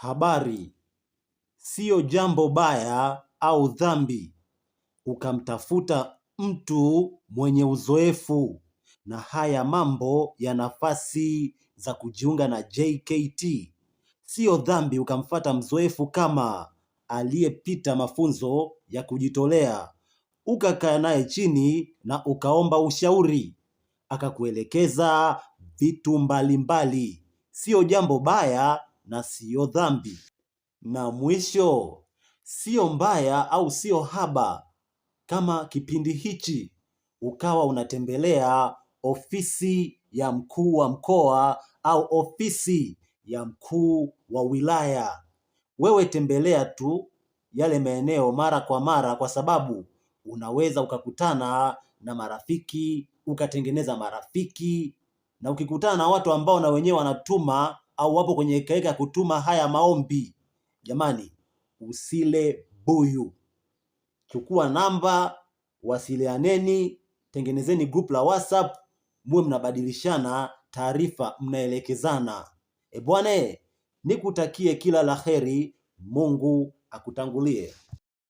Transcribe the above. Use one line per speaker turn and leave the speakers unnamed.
habari siyo jambo baya au dhambi ukamtafuta mtu mwenye uzoefu na haya mambo ya nafasi za kujiunga na JKT. Siyo dhambi ukamfata mzoefu kama aliyepita mafunzo ya kujitolea, ukakaa naye chini na ukaomba ushauri, akakuelekeza vitu mbalimbali. Siyo jambo baya na siyo dhambi. Na mwisho, siyo mbaya au siyo haba kama kipindi hichi ukawa unatembelea ofisi ya mkuu wa mkoa au ofisi ya mkuu wa wilaya. Wewe tembelea tu yale maeneo mara kwa mara, kwa sababu unaweza ukakutana na marafiki ukatengeneza marafiki, na ukikutana na watu ambao na wenyewe wanatuma au wapo kwenye hekaheka ya kutuma haya maombi, jamani, usile buyu. Chukua namba, wasilianeni, tengenezeni group la WhatsApp, muwe mnabadilishana taarifa, mnaelekezana. E bwana, nikutakie kila la heri, Mungu akutangulie.